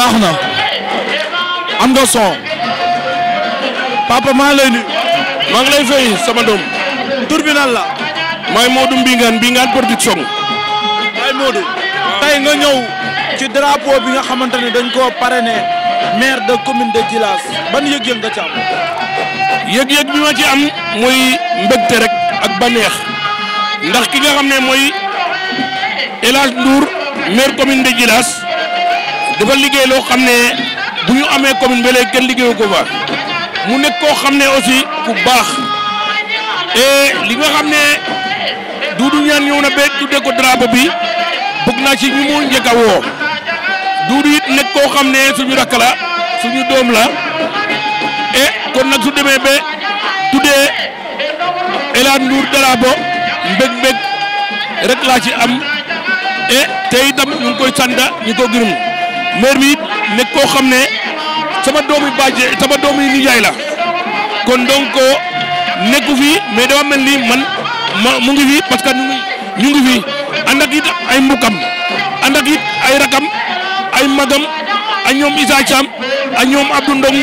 baax na am nga maa lay nuyu. maa ngi lay fay sama doom. tur bi nan la. mooy Modou Mbingane Mbingane production. ay Modou. tey nga ñëw ci drapeau bi nga xamante ne dañ koo parrainé maire de commune de Djilas ban yëg-yëg bi ma ci am muy mbégte rek ak baneex ndax ki nga xam ne mooy El Hadj maire commune de Djilas. dafa liggéey loo xam ne bu ñu amee commune be léegi kenn liggéeyu ko fa mu nekk koo xam ne aussi ku baax et li nga xam ne Doudou Niane ñëw na ba tuddee ko drapeau bi bëgg naa ci ñu mu njëkk a woo Doudou it nekk koo xam ne ñu rakk la suñu doom la et eh, kon nag su demee ba tuddee El Hadj Ndour drapeau mbég-mbég rek laa ci am et eh, te itam ñu koy sant ñu ko gërëm. maire bi it nekk koo xam ne sama doomu bàjje sama doomu nijaay la kon donc nekku fi mais dama mel ni man ma mu ngi fi parce que ñu ngi ñu fi ànd ak ay mbukam ànd ak ay rakam ay magam ak ñoom Issa Thiam ak ñoom Abdou Ndong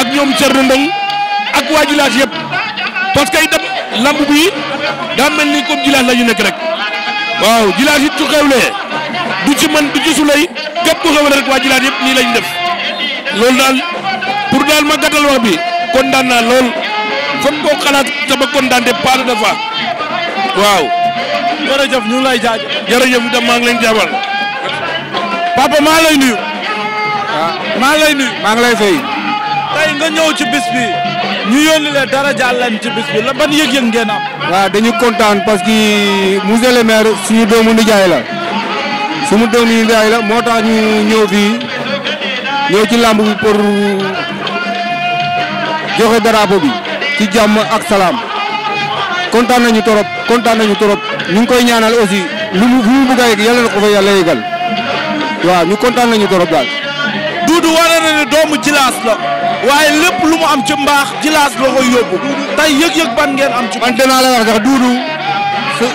ak ñoom Thierno Ndong ak waa village yëpp parce que itam lamb bi daa mel ni comme village la ñu nekk rek waaw village it su xewlee du ci man du ci sulay képp ku xewal rek waa Jilaat yëpp nii def loolu daal pour daal ma gàttal wax bi kontaan naa lool foog koo xalaat sama kontaan te pas de fois waaw. jërëjëf ñu ngi lay jaaj jërëjëf itam maa ngi leen jaabal papa maa lay nuyu. Ah. maa lay nuyu. maa ngi lay fay. tey nga ñëw ci bis bi ñu yónni leen dara jàll leen ci bis bi la ban yëg-yëg ngeen waaw dañu kontaan parce que monsieur le maire suñu doomu nijaay la. sumu doom yi daay la moo tax ñu ñëw fii ñëw ci làmb bi pour joxe drapeau bi ci jàmm ak salaam kontaan nañu torop kontaan nañu torop ñu koy ñaanal aussi lu mu fu mu bugg a yegg na ko fa yàlla yeggal waaw ñu kontaan nañu torop daal. Doudou wane na doomu Jilaas la waaye lépp lu mu am ci mbaax Jilaas la koy yóbbu tey yëg-yëg ban ngeen am ci. man danaa la wax sax Doudou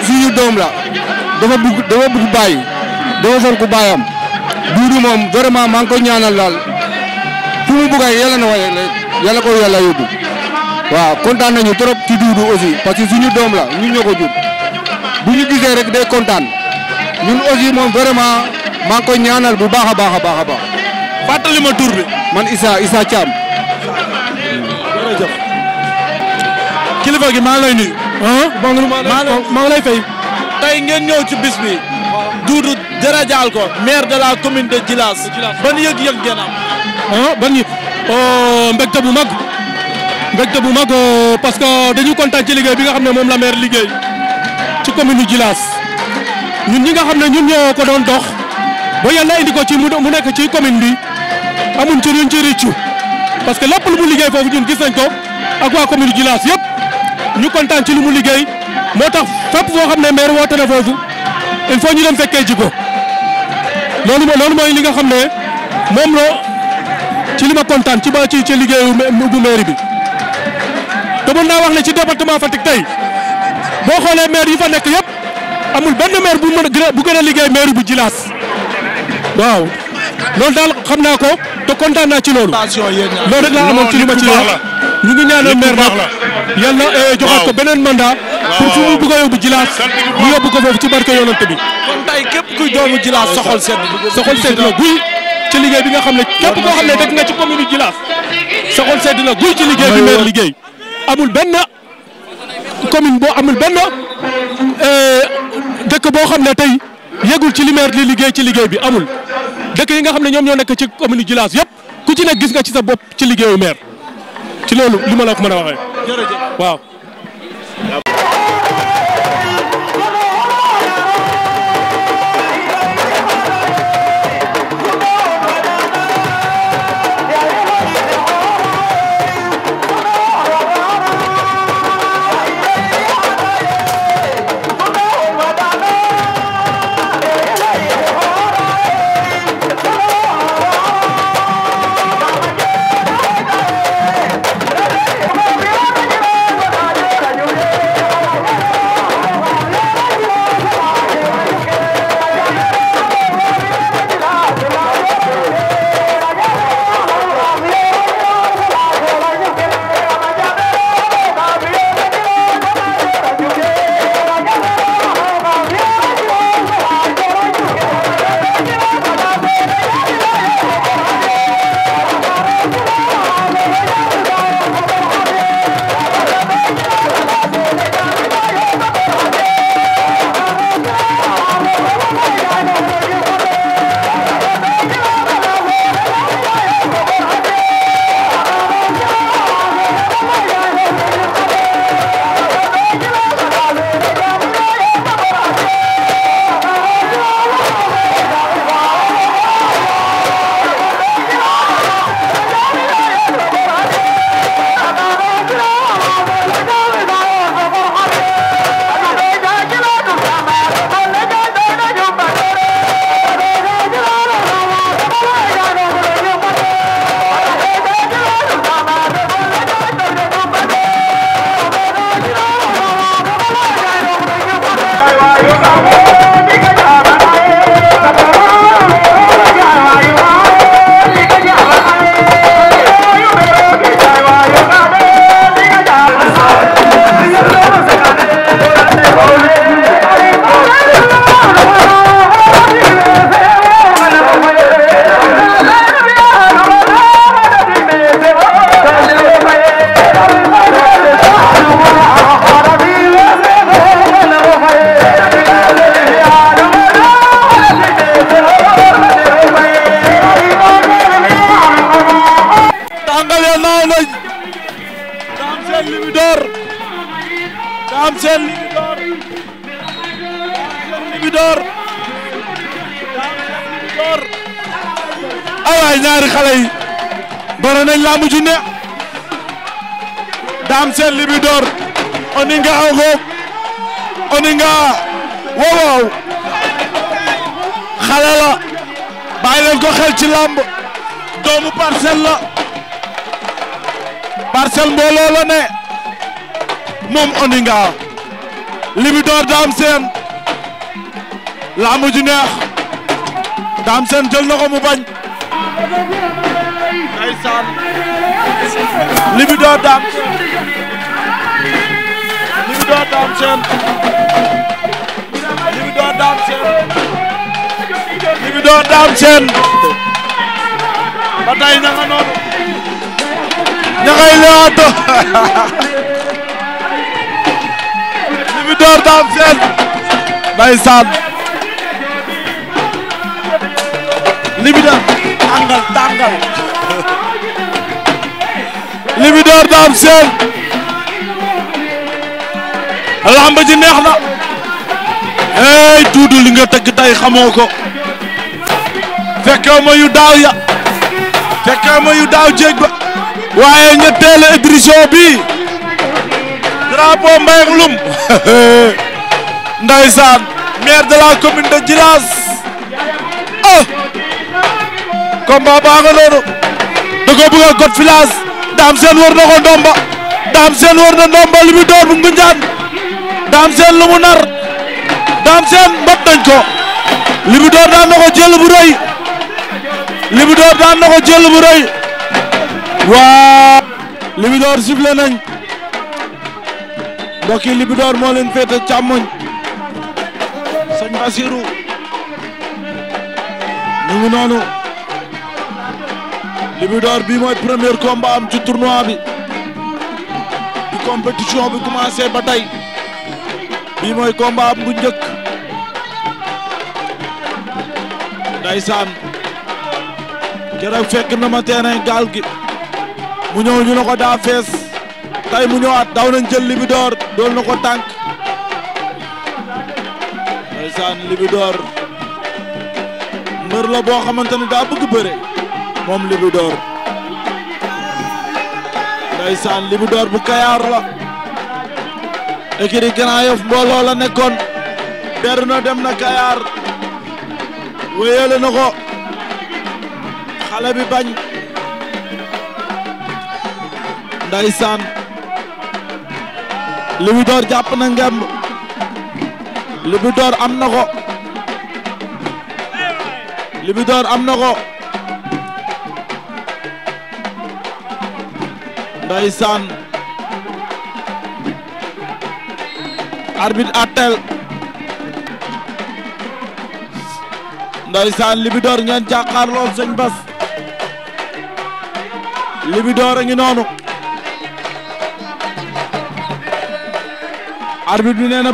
suñu doom la dafa bugg dafa bugg bàyyi. doo sor ku baayam duudu moom vraiment maa ngi koy ñaanal daal fu mu bugg a yàlla na waaye yàlla ko yàlla yóbbu waaw kontaan nañu trop ci duudu aussi parce que suñu doom la ñu ñoo ko jur bu ñu gisee rek day kontaan ñun aussi moom vraiment maa ko ñaanal bu baax a baax a baax a baax. fàttali ma tur bi. man Issa Issa Thiam. gi maa ngi lay nuyu. maa ngi lay fay. tey ngeen ñëw ci bis bi. Diarra Dial ko maire de la commune de Djilass. ban yëg-yëg ngeen am. ah ban oh, bu mag mbégte bu mag oh, parce que dañu kontaan ci liggéey bi nga xam ne moom la maire liggéey ci commune de Djilass ñun ñi nga xam ne ñun ñoo ko doon dox ba yàlla indi ko ci mu nekk ci commune bi amuñ ci luñ ci rëccu parce que lépp lu mu liggéey foofu ñun gis nañ ko ak waa commune de Djilass yëpp ñu kontaan ci lu mu liggéey moo tax fépp foo xam ne maire woote na foofu il faut ñu dem fekkee ji loolu mooy loolu mooy li nga xam ne moom la ci li ma kontaan ci ba ci ci liggéeyu bu mairie bi te na wax ne ci département Fatick tey boo xoolee maire yi fa nekk yëpp amul benn maire bu mën a bu gën a liggéey maire bu Djilass waaw loolu daal xam naa ko te kontaan naa ci loolu. loolu rek laa amoon ci li ma ci wax ñu ngi ñaanal maire nag yàlla eh, joxaat ko beneen mandat. pour fi mu bëgg a yóbbu Djilass mu yóbbu ko foofu ci barke yonent bi kon tay képp kuy doomu Djilass soxol sedd soxol sedd na guy ci liggéey bi nga xam ne képp koo xam ne dëkk nga ci commune Djilass soxol sedd na guy ci liggéey bi amul benn commune boo amul benn euh, dëkk boo xam ne tey yëgul ci li maire li liggéey ci liggéey bi amul dëkk yi nga xam ne ñoom ñoo nekk ci commune Djilass yëpp ku ci nekk gis nga ci sa bopp ci liggéeyu maire ci loolu li ma la ko mën a waxee waaw xale yi nañ làmb ju neex Dame Sène Libidor Oninga ngoog Oninga waaw waaw xale la bàyyi leen ko ci làmb doomu parcelle la parcelle mbooloo ne moom Oninga Libidor Dame Sène làmb ju neex Dame Sène jël na ko bañ ndeysaan Libidor Dame Sène Libidor Dame Sène Libidor Dame Sène Libidor Dame Sène ba tey na nga noonu ña ngay leewaato Libidor jàngal Libidor Dame Sène lamb ji neex na hey Doudou li nga tëgg tey xamoo ko fekkee ma yu daaw ya fekkee ma yu daaw jéeg ba waaye ñetteelu édition bi drapeau Mbaye ak Loum ndeysaan maire de la commune de Djilas oh! combat baa noonu da ko bëgg a god village Dame Sène war na ko ndomba Dame Sène war ndomba li mu door bu Ngunjaan Dame Sène lu nar Dame Sène mbot nañ ko li daan na ko jël bu rëy daan na ko jël bu rëy waaw li nañ mbokk yi li mu door moo leen féete noonu Libidor bii mooy premier combat am ci tournoi bi bi compétition bi commencé ba tey bi mooy combat bu njëkk ndaysaan keroog fekk na ma terrain gaal gi mu ñëw ñu ne ko daa fees tey mu ñëwaat daw nañ jël Libidor dool na ko tànk ndaysaan Libidor mbër la boo xamante ne daa bëgg bëre moom Libidor ndeysaan Libidor bu Kayaar la écurie Grand Yoff mbooloo la nekkoon beru na dem na Kayaar wéyale na ko xale bi bañ ndeysaan Libidor jàpp na ngemb Libidor am na ko Libidor am na ko ndeysaan arbitre attel ndeysaan Libidor ngeen jàkkaarlool sëñ Bas Libidor a ngi noonu arbitre bi nee na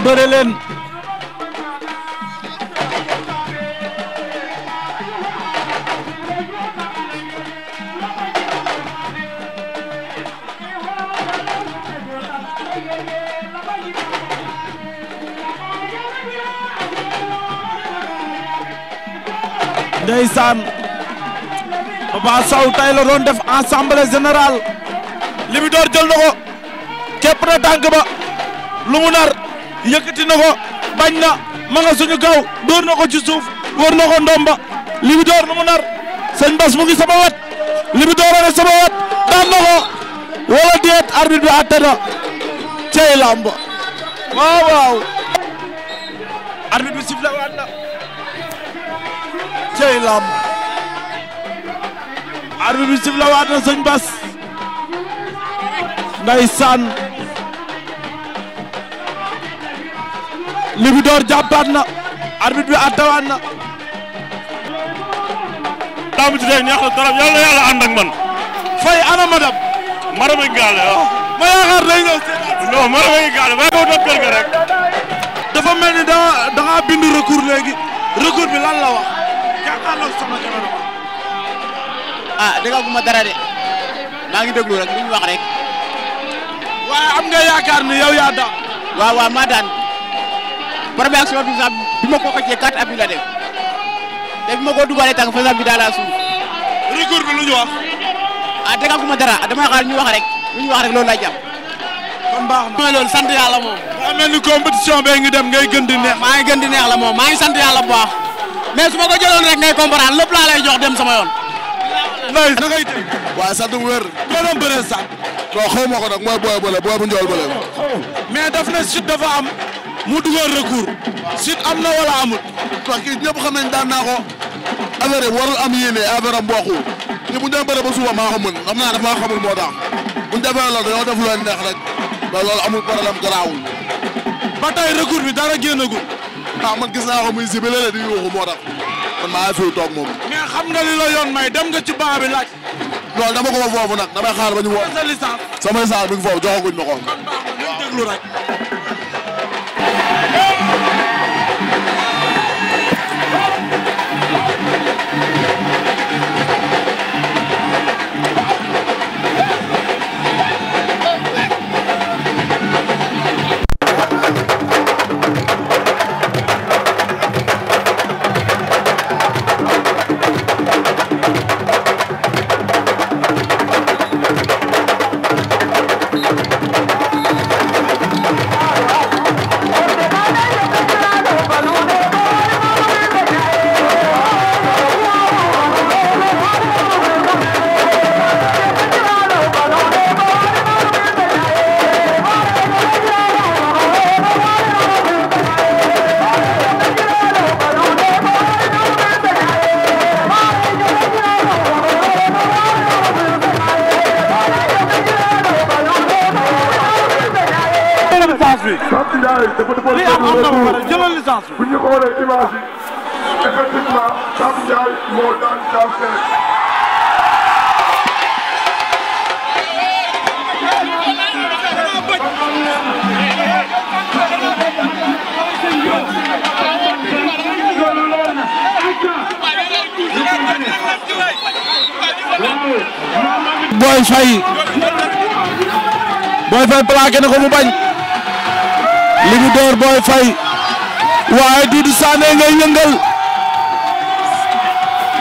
ndeysaan Papa Sow tay la doon def assemblée générale Libidor jël na ko na tànk ba lu nar yëkkati na bañ na ma nga suñu kaw dóor na ko ci suuf wër na ko ndomba nar sëñ Bas mu ngi sama wet Libidor a nga sama wet daan na ko wala déet arbitre bi àtte na cey làmb waaw waaw. arbitre cey lam. na sëñ Bas. ndeysaan. na. arbitre bi attawaat na. lamb ji day neex na trop yàlla man. fay ana madam. madame Gallé waaw. Oh, ma yaakaar day ñëw non mën nga gàll bàyyi ko dafa mel ni da da ngaa bind recours léegi recours bi lan la wax. jàkkaarloo sama jamono. ah déggaguma dara de maa ngi déglu rek li ñu wax rek. waaye am nga yaakaar ni yow yaa daan. waaw maa daan premier action bi sax bi ma ko xëccee quatre appuis la def te bi ma ko dugalee tàng faisal bi daal laa suuf. recours bi lu ñu wax. ah déggaguma dara damay xaar ñu wax rek lu ñu wax rek loolu laa jàpp. kon baax na sant yàlla moom. daa mel ni compétition bee ngi dem ngay gën neex. maa ngi gën neex la moom maa ngi sant bu baax mais su ma ko jëloon rek ngay comprendre lépp laa lay jox dem sama yoon. Ndoye na ngay tey. waaye sant bu wér. boo doon ko nag mooy booy bële booy bu njool bële. mais daf ne Siteu dafa am. mu dugal recours. Siteu am na wala amul. parce que ñëpp xam nañ daan naa ko. affaire yi warul am yéene affaire am mboq. te bu ñu doon bëree ba suba maa ko mën xam naa dafa xamul moo tax. bu ñu ba loolu amul problème garaawul. ba tey recours bi dara génnagul. ah man gis naa ko muy zibe léeg-léeg di yuuxu moo tax man maa toog moom. mais xam nga li la yoon may dem nga ci baa bi laaj. non dama ko foofu nag damay xaar ba ñu woo. sama licence. sama licence bi ngi foofu joxaguñ ma ko. kon baax na ñu déglu rek. Boy Faye Boy na ko mu bañ li mu door waaye Doudou Sané ngay yëngal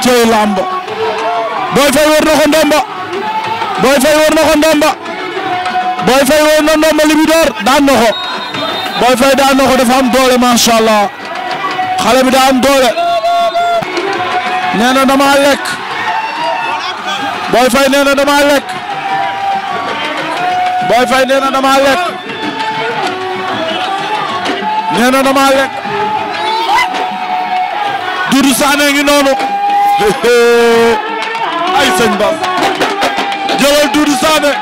cey lamb Boy Faye war na ko ndomba Boy Faye war na ko ndomba daan na ko Boy Faye daan na ko dafa am doole macha allah xale bi doole nee na dama Boy Faye nee na dama lekk Boy Faye nee na dama lekk nee na dama lekk ngi noonu ay sëñ Ba jëlal Doudou Sané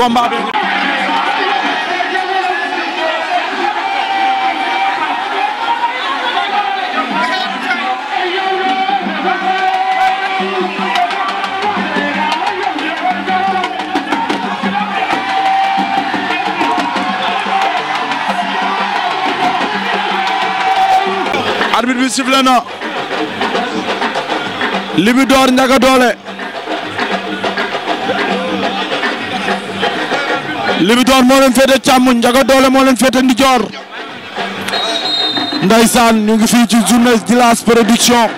combat bi. arbitre bi sifflé na Libidor Ndiaga Dollé Libidor moo leen féete càmmuñ Ndiaga Dollé moo leen féete ndijoor Ndeysaan ñu ngi fii ci journée Djilass Production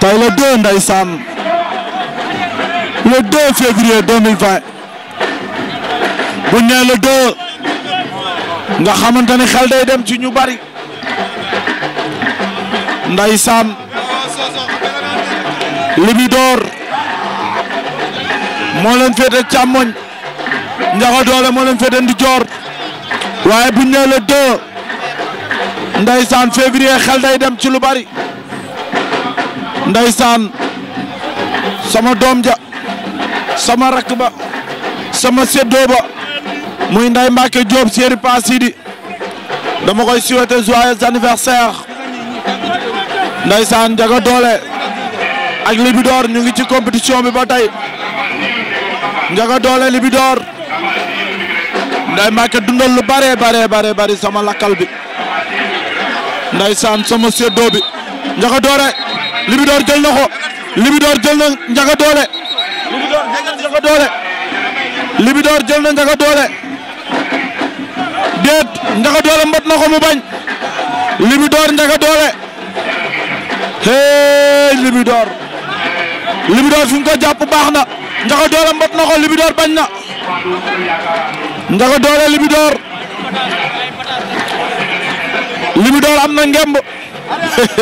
tey le 2 Ndeysaan le 2 février 2020 bu ñu le 2 nga xamante ne xel day dem ci ñu bari Ndeysaan Libidor moo leen féete càmmoñ Ndiaga Dolé moo leen féete ndi joor waaye buñ ne le deux février xel day dem ci lu bari ndeysaan sama doom ja sama rakk ba sama séddoo ba muy Ndeye Mbacke Diop Serigne Passidi dama koy souhaiter joyeux anniversaire ndeysaan Ndiaga Dolé ak Libidor ñu ngi ci compétition bi ba tey Ndiaga Dolé Libidor Ndeye Mbacke dundal lu bare bare bare bare sama lakkal bi ndeysaan sama séddoo bi Ndiaga Dolé Libidor jël na ko Libidor jël na Ndiaga Dolé Libidor jël na Ndiaga Dolé Libidor jël na Ndiaga Dolé déet Ndiaga Dolé mbat na ko mu bañ Libidor Ndiaga Dolé hey Libidor Libidor fi mu ko jàpp baax na Ndiaga Dolé mbat na ko Libidor bañ na Ndiaga Dolé Libidor Libidor am na ngemb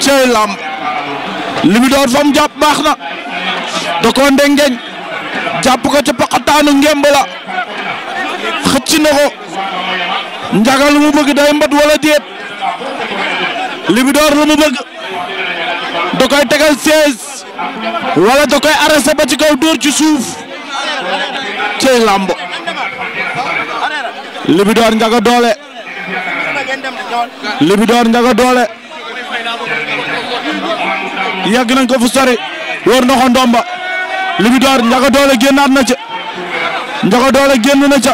cey lamb Libidor fa mu jàpp baax na da koo ndengeñ jàpp ko ci paqataanu ngemb la xëcc na ko Ndiaga lu mu bëgg day mbat wala déet Libidor lu mu bëgg da koy tegal 16 wala da koy arrêté ba ci kaw dóor ci suuf cey lamb Libidor njaga doole Libidor njaga doole yàgg nañ ko fu sori wër na ko ndomba Libidor njaga doole génnaat na ca njaga doole génn na ca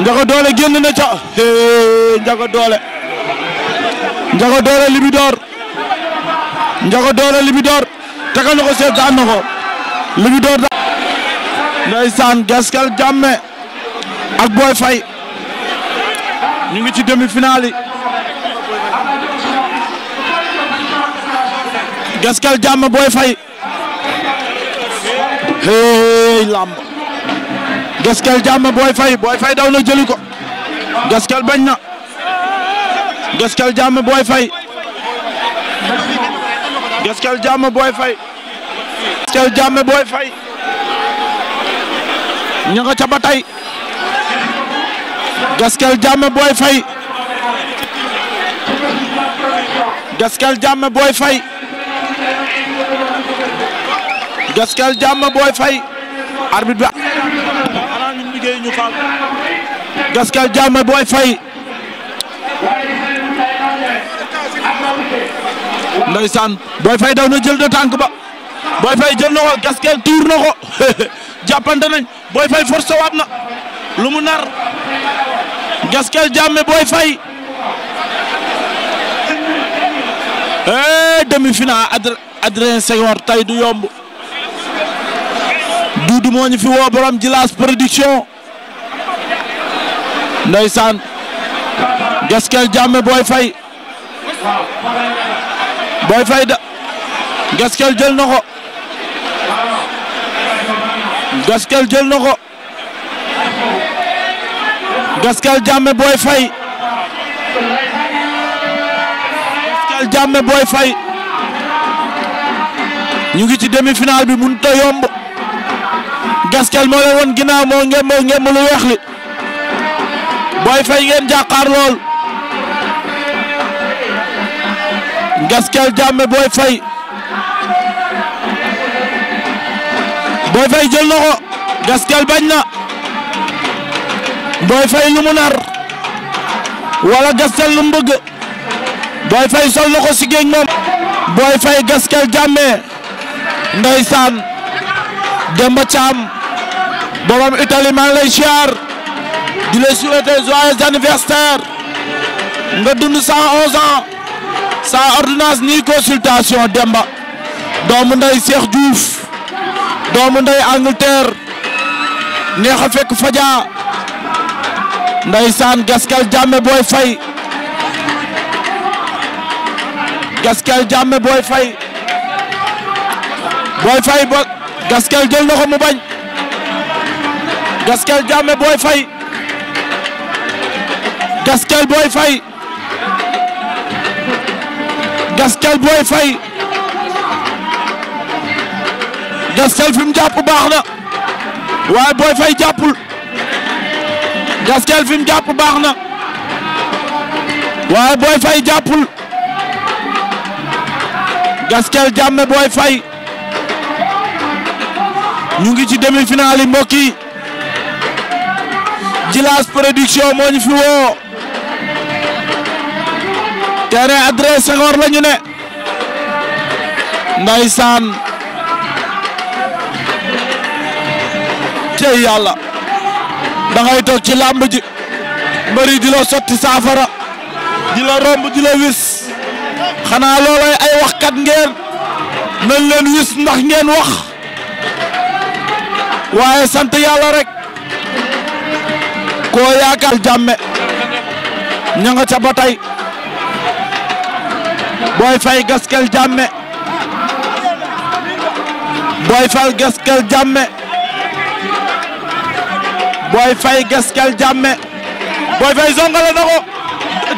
njaga doole génn na ca njaga doole njaga doole Libidor njaga doole Libidor tegal na ko seet daan na ko Libidor ndeysaan Gaskel Jammeh ak Boy Faye ñu ngi ci demi-finale yi Gaskel Jammeh Boy Faye hey lamb Gaskel Jammeh Boy Faye Boy Faye daw na jëli ko Gaskel bañ na Gaskel Jammeh Boy Faye Gaskel Jammeh Boy Gaskel Jammeh Boy ña nga ca ba tey gaskel jàmme booy fay gaskel jàmme booy fay gaskel jàmme booy fay arbitre ñu liggéey gaskel jàmme booy fay ndeysaan booy fay daw na jël na tànk ba booy fay jël na ko gaskel tuur na ko jàppante booy Faye forcé waat na lu mu nar gaskel jàmme booy fay eh demi-finale Adr Adrien Senghor tey du yomb Duudu moo ñu fi woo borom Jilaas production ndeysaan gaskel jàmme Boy Faye Boy Faye da gaskel jël na ko Gaskel jël na ko Gaskel Jamme Boy Faye Gaskel Jamme Boy Faye ñu ngi ci demi-finale bi mënut a yomb Gaskel moo leen woon ginnaaw moo ngemb ngemb lu weex li Boy ngeen jàkkaar lool Gaskel Jamme Boy Faye Boy Faye jël na ko Gaskel bañ na Boy Faye lu nar wala Gaskel lu bëgg Boy Faye sol na ko si moom Boy Faye Gaskel jàmmee ndeysaan Demba Thiam borom Italie maa ngi lay siyaar di la souhaiter joyeux anniversaire nga dund 111 ans sa ordonnance ni consultation Demba doomu nday Cheikh Diouf doomu nday Angleterre neex a fekk faja ndeysaan Gaskel Jamme Boy Faye Gaskel Jamme Boy Faye Boy Faye Gaskel jël na ko mu bañ Gaskel Jamme Boy Faye Gaskel Boy Faye Gaskel Boy Faye Gaskel fi mu jàpp baax na waaye Boy Faye jàppul Gaskel jàpp baax na waaye Boy Faye jàppul Gaskel jàmme Boy Faye ñu ngi ci demi-finale yi mbokk yi Djilass Production moo ñu fi woo terrain Adrien Senghor la ñu ne ndeysaan cey yàlla da ci làmb ji mbëri di la sotti saafara di romb di wis xanaa loolay ay waxkat ngeen nañ leen wis ndax ngeen wax waaye sant yàlla rek koo yaakaar jàmme ña nga ca ba booy fay gaskel jàmme booy fay gaskel jàmme Boy Faye Gaskel Jamme Boy Faye zongale na ko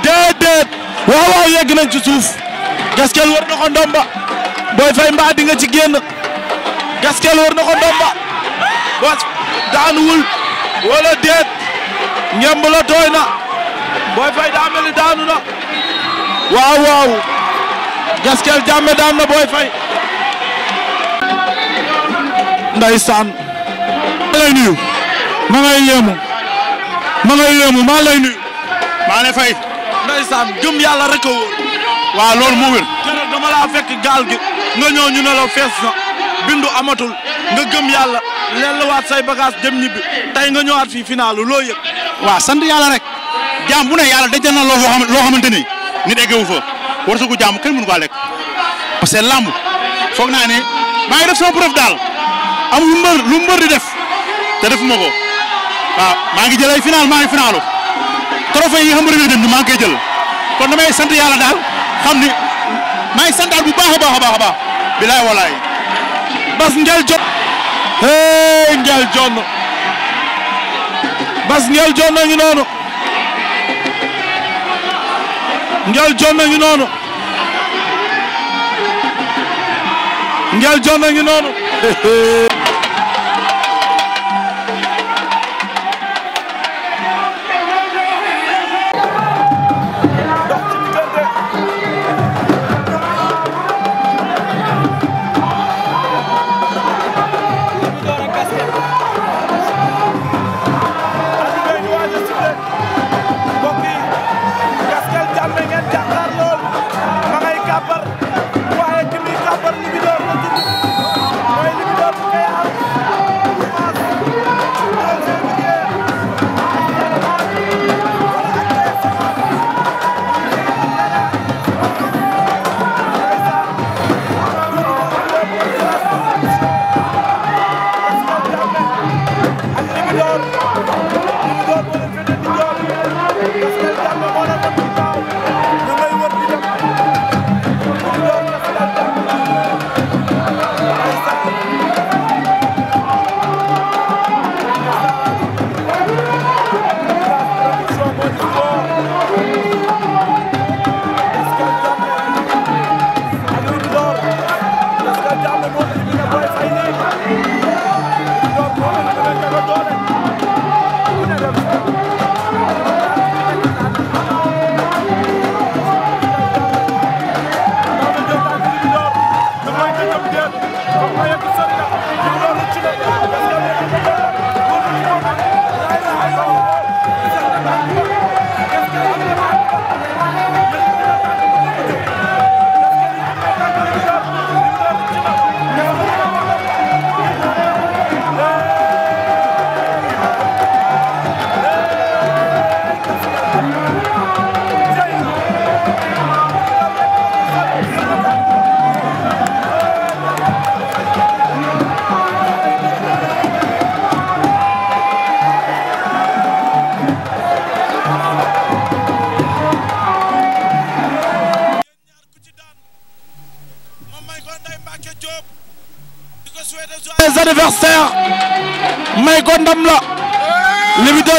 déedéet waaw waaw yegg nañ ci suuf Gaskel war na ko ndomba Boy Faye mbaa di nga ci génn Gaskel war na ko ndomba bas daanuwul wala déet ngemb tooy na Boy Faye daa mel daanu na waaw waaw Gaskel Jamme daan na Boy Faye ndeysaan ma ngay yéemu ma ngay yéemu maa lay nuyu. maa lay fay. ndeysaan gëm yàlla rek a wóor. waaw loolu moo wér. keroog dama laa gaal gi nga ñëw ñu ne la fees na bindu amatul nga gëm yàlla lelluwaat say bagage dem ñibbi tey nga ñëwaat fi finaalu loo yëg. waaw sant yàlla rek. jaam bu ne yàlla dajal na loo xam loo xamante ni nit eggewu fa war sugu jaam kenn parce que làmb foog naa ne maa ngi def sama preuve daal amul mbër lu di def te defuma ko. waaw ah, maa ngi jël ay final maa ngi finalu trophée yi nga xam ne dañu maa ngi jël kon damay sant yàlla daal xam ni maa ngi santaat bu baax a baax a baax a baax bilaay walaay bas ngel jot hey ngel bas ngel jonn ñu noonu ngel jonn ñu noonu ngel jonn ñu noonu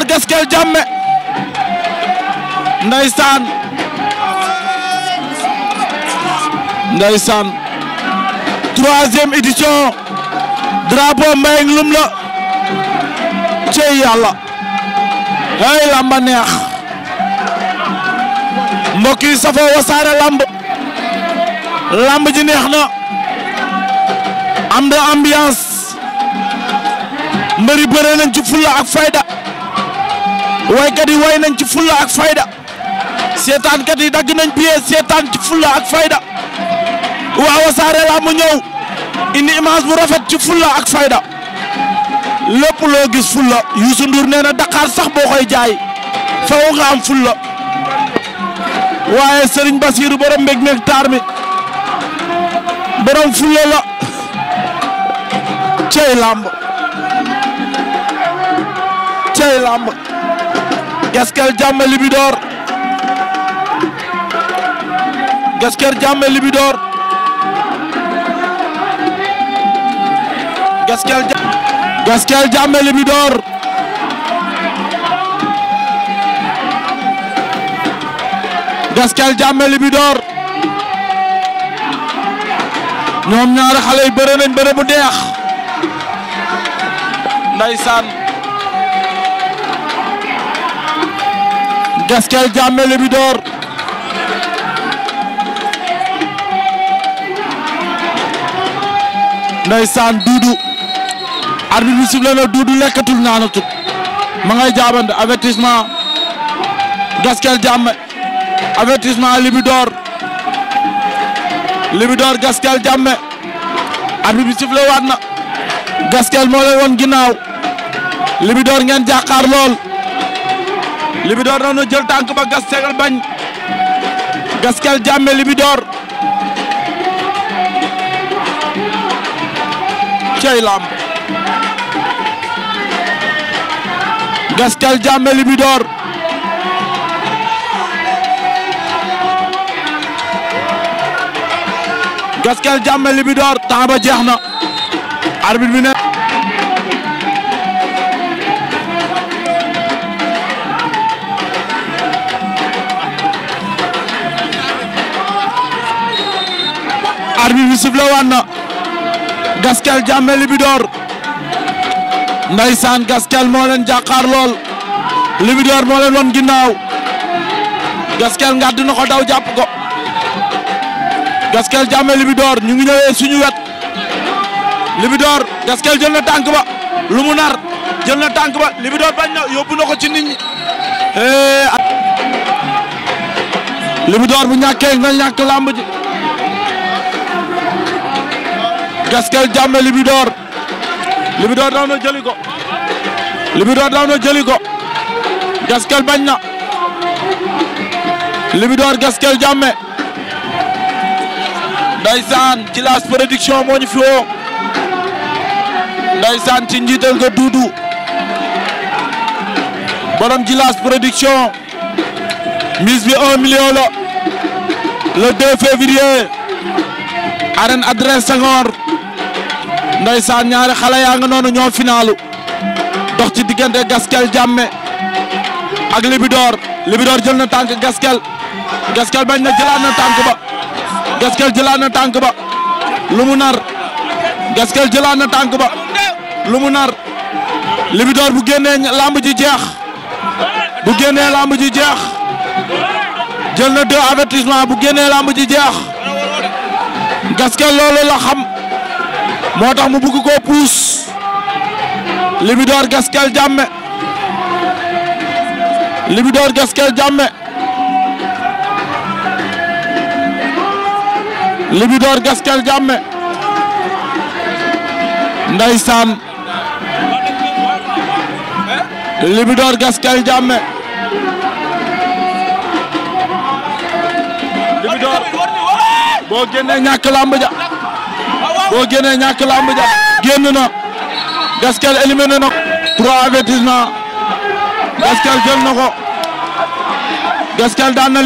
Kër Gaskel Jammeh ndeysaan ndeysaan troisième édition drapeau Mbayang Loum la cey yàlla lamba neex mbokk safoo wasaare lamb lamb ji neex na am na ambiance mbëri bëre nañ fulla ak fayda waykat yi way nañ ci fulla ak fayda seetaankat yi dagg nañ billet seetaan ci fulla ak fayda waaw Wassare Lamb ñëw indi bu rafet ci fulla ak fayda lépp loo gis fulla Youssou Ndour nee na sax boo koy jaay faw nga am fulla waaye Serigne Bassirou borom mbég meeg mi borom fulla la cey làmb cey làmb Gaskel Jammeh Libidor Gaskel Jammeh Libidor Gaskel Gaskel Jammeh Libidor Gaskel Jammeh Libidor ñoom ñaari xale yi bëre nañ bëre bu deex ndeysaan Gaskel Jammeh Libidor ndeysaan Doudou arbitre bi sifflé na Doudou lekkatul naanatul ma ngay jaabante avertissement Gaskel Jammeh avertissement Libidor Libidor Gaskel Jammeh arbitre bi waat na Gaskel moo lay woon ginnaaw Libidor ngeen jàkkaar lool Libidor noonu jël tànk ba Gaskel bañ Gaskel jàmme Libidor cey lamb Gaskel jàmme Libidor Gaskel jàmme Libidor temps ba jeex na arbitre bi ne arbitre bi sifflé waan na Gaskel Jammeh Libidor ndaysaan Gaskel moo leen lool Libidor moo leen won ginnaaw Gaskel ngàdd ko daw jàpp ko Gaskel Jammeh Libidor ñu ngi ñëwee suñu wet Libidor Gaskel jël na tànk ba lu mu nar jël na tànk ba Libidor bañ na yóbbu na ko ci nit ñi Libidor bu ñàkkee nga ñàkk làmb ji Gaskel jàmme Libidor Libidor daw na jëli ko Libidor na jëli ko Gaskel bañ na jàmme ndaysaan ci Djilass Production moo ñu fi woo ndaysaan ci njiital nga Duudu bi un million la le 2 février arène Adrien Senghor ndeysaan ñaari xale yaa nga noonu ñoo finaalu dox ci diggante gaskel jàmme ak libidoor libidoor jël na tànk gaskel gaskel bañ na jëlaat na tànk ba gaskel jëlaat na tànk ba lu mu nar libidoor bu génnee lamb ji jeex bu génnee lamb ji jeex jël na deux avertissement bu génnee lamb ji jeex gaskel loolu la xam moo tax mu bugg koo puus Libidor Gaskel Jammeh Libidor Gaskel Jammeh Libidor Gaskel Jammeh ndeysaan Gaskel Jammeh Libidor boo génnee ñàkk làmb ja boo génnee ñàkk lamb ja génn na Gaskel éliminé na ko trois na ko Gaskel daan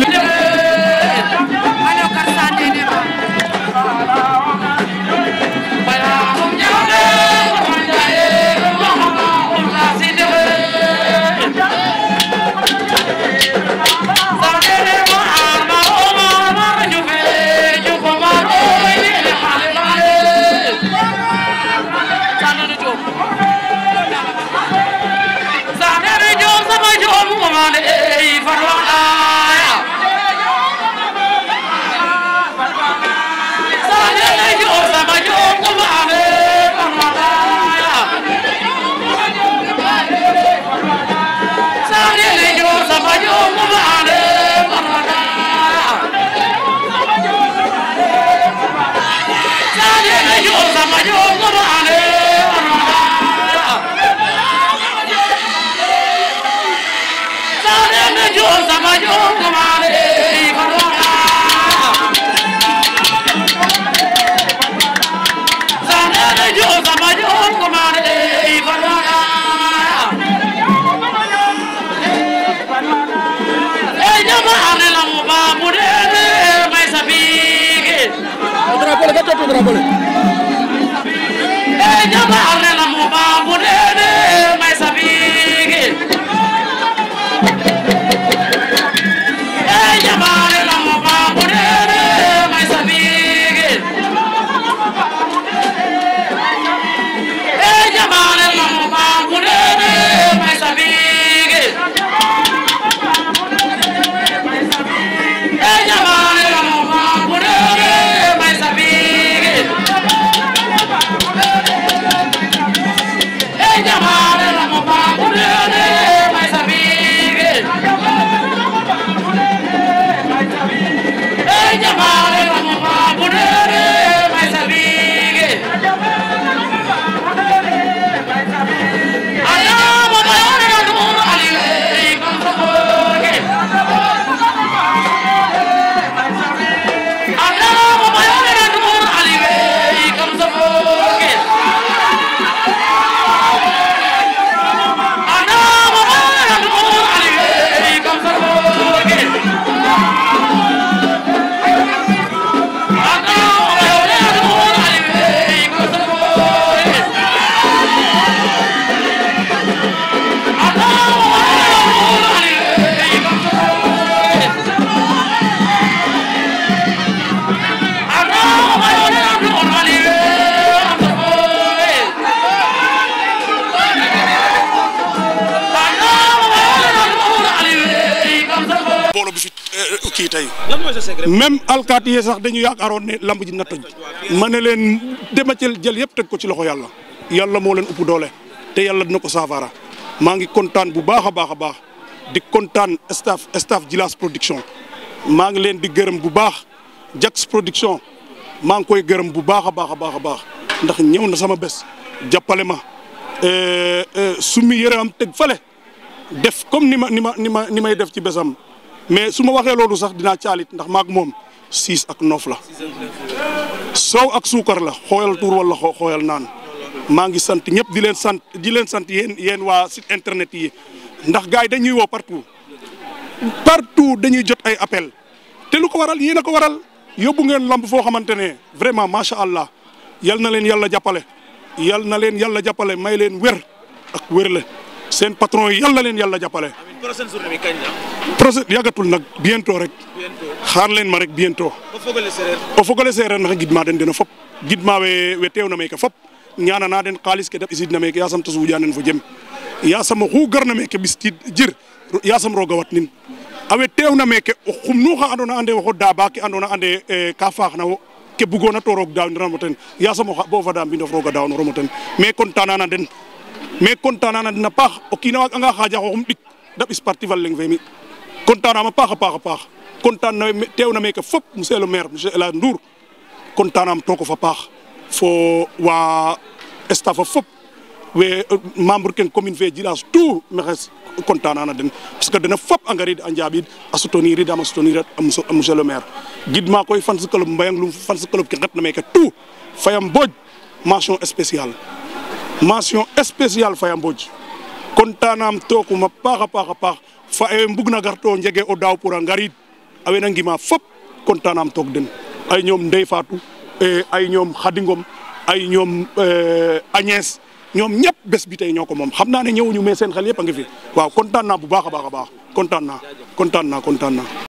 Yo, Zamayo, drapeau la kii tey même alkaati yee sax dañu yaakaaroon ne lamb ji na toj ma ne leen dema ci jël yëpp teg ko ci loxo yàlla yàlla moo leen ëpp doole te yàlla dina ko saafara maa ngi kontaan bu baax a baax a baax di kontaan staff staff Djilass production maa ngi leen di gërëm bu baax Jax production maa ngi koy gërëm bu baax a baax a baax a baax ndax ñëw na sama bés jàppale ma eh, eh, summi yëre am teg fale def comme ni ma ni ma ni ma ni may def ci bésam mais su ma waxee loolu sax dinaa caalit ndax maag moom siis ak noof la soow ak suukar la xooyal tuur wala xooyal naan maa ngi sant ñëpp di leen sant di leen sant yéen yéen waa site internet yi ndax gars yi dañuy woo partout partout dañuy jot ay appel te lu ko waral yéen a ko waral yóbbu ngeen lamb foo xamante ne vraiment macha allah yal na leen yàlla jàppale yal na leen yàlla jàppale may leen wér ak wér la seen patron yi yàlla leen yàlla jàppale. amiin prochaine journée bi kañ la. rek. bientôt xaar leen ma rek bientôt. o fogole seereer. o fogole seereer naxa gidma den deno fop gidma we we teewna meeke fop ñaanana den xaalis ke da ɓisiidna meeke yaasam ta suuƴanen fo jem yaasam oxu garna meeke ɓistiid jir yaasam roog a watnin a we teewna meeke o xumnu xa andoona ande waxo daaba ke andoona ande e, ka faaxna wo ke bugoona to roog daawniranmo ten yaasam o xa bo fada mbindof roog a daawnoramo ten mais content mais kontaanana paax o kiin a waaganga xaaja xooxum ɗik da ɓis parti fa leŋ fe mi kontaanam a paax a paax a paax kontaan na teewna meeke fop monsieur le maire monsieur El Hadj Ndour kontaanam tookof a paax fo waa staff a fop we euh, membre ken commune fe Djilas tout maxey kontaanana den parce que dena fop a ngariid a njaaɓiid a soutenir idaam a soutenir a monsieur le maire gidma koy fans club Mbayang Loum fans club ke ngetna meeke tout fayam mbooj mention spéciale Faya Mbodj kontanam tokuma paax a paax a paax fa e mbugna gar to njege o daaw pour a ngariid a wena ngima fop kontanam took den ay ñoom Ndey Fatou eh, ay ñoom Khady Ngom ay ñoom e Agnès ñoom ñëpp bés bi tey ñoo ko moom xam naa ne ñëwuñu mais seen xel yëpp a ngi fi waaw kontaan naa bu baax a baax a baax kontaan kontaan naa kontaan